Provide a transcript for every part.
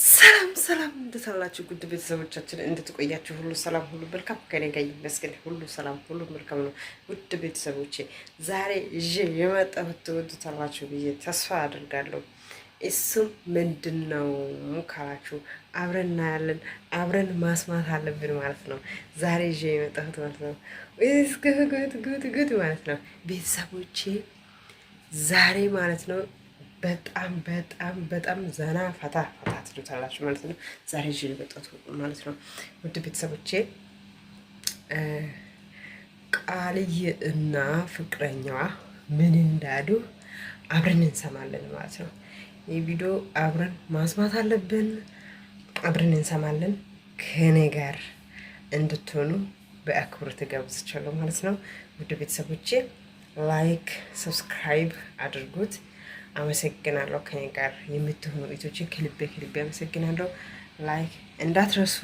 ሰላም ሰላም፣ እንዴት አላችሁ? ጉድ ቤተሰቦቻችን እንድትቆያችሁ ሁሉ ሰላም ሁሉ መልካም፣ ከኔ ጋር ይመስገን ሁሉ ሰላም ሁሉ መልካም ነው። ውድ ቤተሰቦቼ ዛሬ ይዤ የመጣሁት ትወዱታላችሁ ብዬ ተስፋ አድርጋለሁ። እሱም ምንድን ነው ካላችሁ አብረን እናያለን፣ አብረን ማስማት አለብን ማለት ነው። ዛሬ ይዤ የመጣሁት ማለት ነው ጉድ ጉድ ጉድ ማለት ነው ቤተሰቦቼ ዛሬ ማለት ነው በጣም በጣም በጣም ዘና ፈታ ታስሉታላችሁ ማለት ነው። ዛሬ ይዤ የመጣሁት ማለት ነው ውድ ቤተሰቦቼ ቃልዬ እና ፍቅረኛዋ ምን እንዳሉ አብረን እንሰማለን ማለት ነው። ይህ ቪዲዮ አብረን ማስማት አለብን፣ አብረን እንሰማለን። ከኔ ጋር እንድትሆኑ በአክብሮት ጋብዛችኋለሁ ማለት ነው ውድ ቤተሰቦቼ ላይክ፣ ሰብስክራይብ አድርጉት። አመሰግናለሁ። ከኔ ጋር የምትሆኑ እህቶችን ከልቤ ከልቤ አመሰግናለሁ። ላይክ እንዳትረሱ፣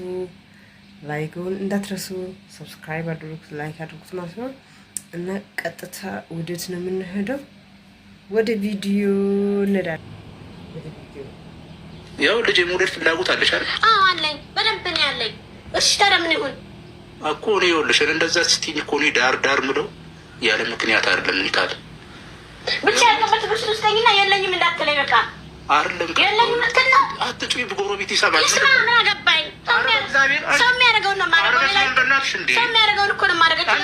ላይክን እንዳትረሱ፣ ሰብስክራይብ አድርጉት፣ ላይክ አድርጉት ማለት ነው እና ቀጥታ ወደት ነው የምንሄደው ወደ ቪዲዮ እንሄዳለን። ያው ልጅ የመውለድ ፍላጎት አለሽ አይደል? አዎ አለኝ፣ በደንብ ነው ያለኝ። እሺ ታዲያ ምን ይሁን እኮ እኔ ይኸውልሽ እንደዛ ስትይኝ እኮ እኔ ዳር ዳር ምለው ያለ ምክንያት አይደለም እኔ ብቻ ያልቀበት ብስ ውስጠኝና የለኝም እንዳትለኝ በቃ አይደለም የለኝም እንትን ነው። አትጩይ፣ በጎረቤት ይሰማል። ይስማ ምን አገባኝ? ሰው የሚያደርገውን ነው የማደርገው። ሰው የሚያደርገውን እኮ ነው የማደርገው።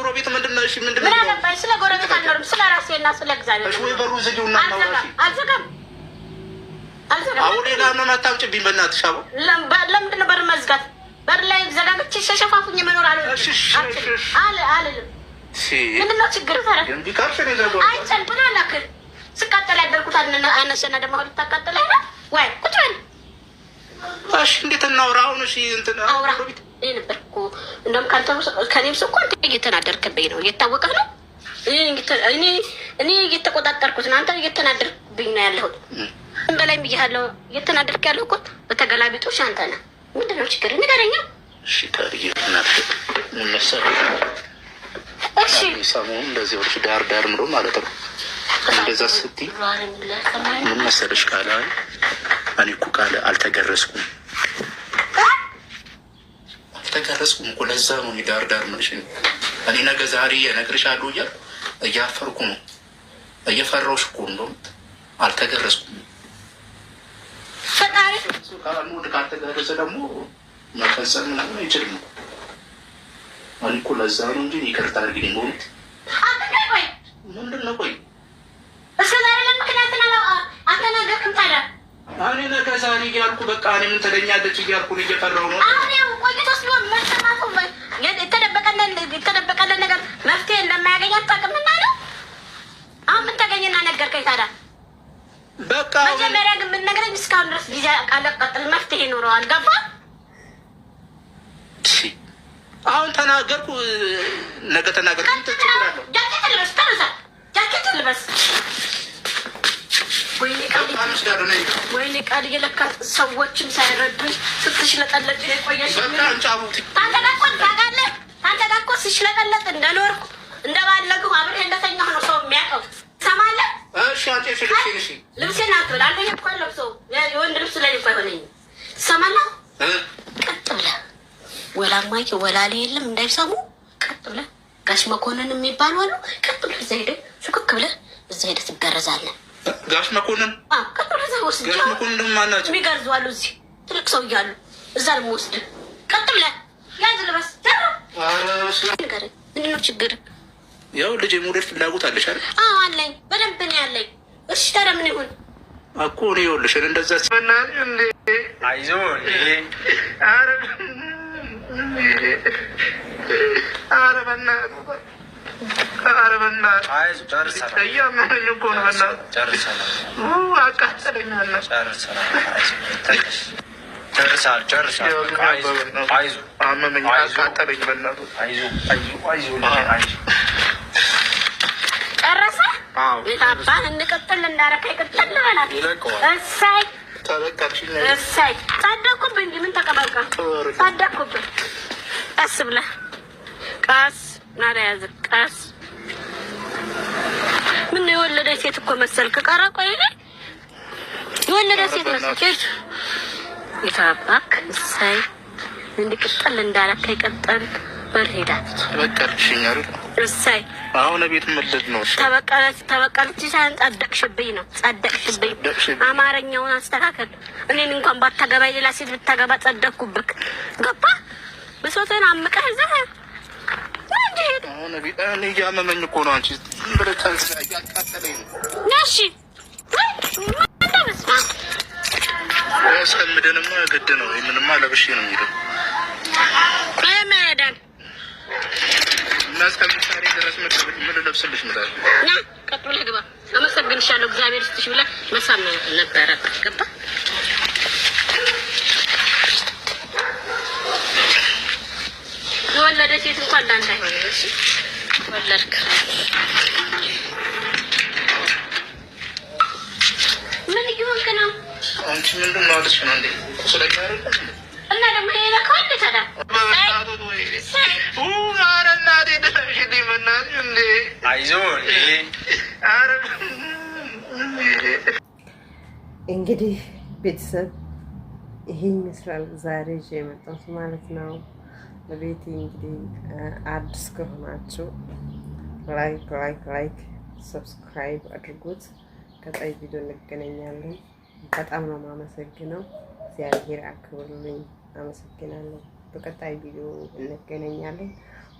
ጎረቤት ምንድን ነው? እሺ ምንድን ነው? ምን አገባኝ? ስለ ጎረቤት አልኖርም፣ ስለ ራሴና ስለ እግዚአብሔር። ወይ በሩ ዝጊውና አልዘጋም አሁን ሌላ ህመም አታምጪብኝ በእናትሽ። አቦ ለምንድን ነው በር መዝጋት? በር ላይ ዘጋግቼ ሸሸፋፉኝ መኖር አልልም አልልም ምንድነው ችግር? አይቻል ብላ ላክል ስቃጠል ያደርጉት አነሰና ደግሞ ወይ ቁጭ በል እሺ። እንዴት እናውራ አሁን? እሺ እንትን አውራ ነበር እኮ እንደውም ከኔም ስኮ አንተ እየተናደርክብኝ ነው፣ ነው። እኔ እየተቆጣጠርኩት ነው፣ አንተ እየተናደርክብኝ ነው ያለሁት። ብያለሁ፣ እየተናደርክ እኮ በተገላቢጦሽ አንተ ነህ። ምንድነው ችግር ንገረኛ። እሺ ታዲያ እናት ምን ሰሞኑ እንደዚህ ብለሽ ዳር ዳር ምሮ ማለት ነው። እንደዛ ስትይ ምን መሰለሽ ቃል እኔ እኮ ቃል አልተገረዝኩም አልተገረዝኩም እኮ ለዛ ነው ዳር ዳር ምልሽ። እኔ ነገ ዛሬ እነግርሻለሁ እያልኩ እያፈርኩ ነው እየፈራሁሽ እኮ እንደውም አልተገረዝኩም። ፈጣሪ ካልተገረዘ ደግሞ መፈጸም ምናምን አይችልም። እኔ እኮ ለዛ ነው እንጂ ይቅርታ እንግዲህ በእውነት ምንድን ነው ቆይ እስከ ዛሬ ለምን ምክንያት አልተናገርክም ታዲያ? እኔ ነገ ዛሬ እያልኩ በቃ እኔ ምን እያልኩ ነው እየፈራሁ ነው። አሁን ቆይቶ መሰማቱ ነገር መፍትሄ እንደማያገኝ አሁን ምን ተገኘና ነገርከኝ ታዲያ? በቃ መጀመሪያ ግን ምን ነገረኝ እስካሁን ድረስ ጊዜ ቃለቀጥል መፍትሄ አሁን ተናገርኩ፣ ነገ ተናገርኩ። ወይኔ ለካ ሰዎችም ሳይረዱኝ ስትሽለጠለጥ የቆየሽ አንተ ጋር እኮ ስትሽለጠለጥ እንደኖርኩ እንደባለግሁ አብሬ እንደተኛሁ ነው ሰው የሚያውቀው። ትሰማለህ? ልብሴን አትበል። የወንድ ልብስ ላይ እንኳ ትሰማለህ? ወላማኪ ወላሌ የለም እንዳይሰሙ ቀጥ ብለ ጋሽ መኮንን የሚባሉ አሉ። ቀጥ ብለ እዛ ሄደህ ሹክክ ብለህ እዛ ሄደ ትገረዛለን። ጋሽ መኮንን ቀጥ ብለ እዛ ወስድ። ጋሽ መኮንን ደግሞ ማናቸው የሚገርዙ አሉ። እዚህ ትልቅ ሰው እያሉ እዛ ደግሞ ወስድ። ቀጥ ብለ ያዝ ልበስ ነገር ምንድን ነው ችግር? ያው ልጅ የመውለድ ፍላጎት አለሽ አይደል? አለኝ፣ በደንብ ነው ያለኝ። እሺ ታዲያ ምን ይሁን እኮ እኔ ይኸውልሽ እንደዛ ሲሆን አይዞህ ጨረሰ? ቤት አባህ እንቀጥል እንዳረካ እሰይ ቀስ ብለህ ቀስ ናዳ ያዝ። ቀስ ምን የወለደ ሴት እኮ መሰልክ። ቀረ ቆይ የወለደ ሴት መሰልክ። ይታባክ እሰይ እንዲቀጥል እንዳለከ ይቀጥል። በል ሄዳት በቃ እሰይ አሁን ቤት ምልድ ነው። ተበቀለች ሳይሆን ጸደቅሽብኝ ነው። ጸደቅሽብኝ አማርኛውን አስተካከል። እኔን እንኳን ባታገባ ሌላ ሴት ብታገባ ጸደቅኩብክ። ገባ ብሶትን አምቀህ ዘ እኔ እያመመኝ እኮ ነው። አንቺ እያቃጠለኝ ነው። እሺ ያስቀምደንማ ግድ ነው። ምንማ ለብሼ ነው የሚለው እና እስከ ምሳሌ ድረስ ምን ልብስልሽ ምታል እና ቀጥሎ ለግባ አመሰግንሻለሁ እግዚአብሔር ስትሽ ብላ መሳም ነበረ ገባ የወለደ ሴት እንኳን ለአንተ ወለድክ ምን እየሆንክ ነው? አንቺ ምንድን ነው አለች ነው እንዴ እና ደግሞ ሌላ ከዋለ ታዲያ እንግዲህ ቤተሰብ ይሄ ይመስላል ዛሬ ይዤ የመጣሁት ማለት ነው። ለቤቴ እንግዲህ አዲስ ከሆናችሁ ላይክ ላይክ ላይክ ሰብስክራይብ አድርጉት። ቀጣይ ቪዲዮ እንገናኛለን። በጣም ነው የማመሰግነው። እግዚአብሔር አክብርልኝ። አመሰግናለሁ። በቀጣይ ቪዲዮ እንገናኛለን።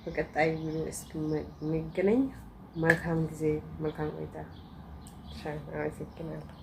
በቀጣይ ቪዲዮ እስክንገናኝ መልካም ጊዜ፣ መልካም ቆይታ። አመሰግናለሁ።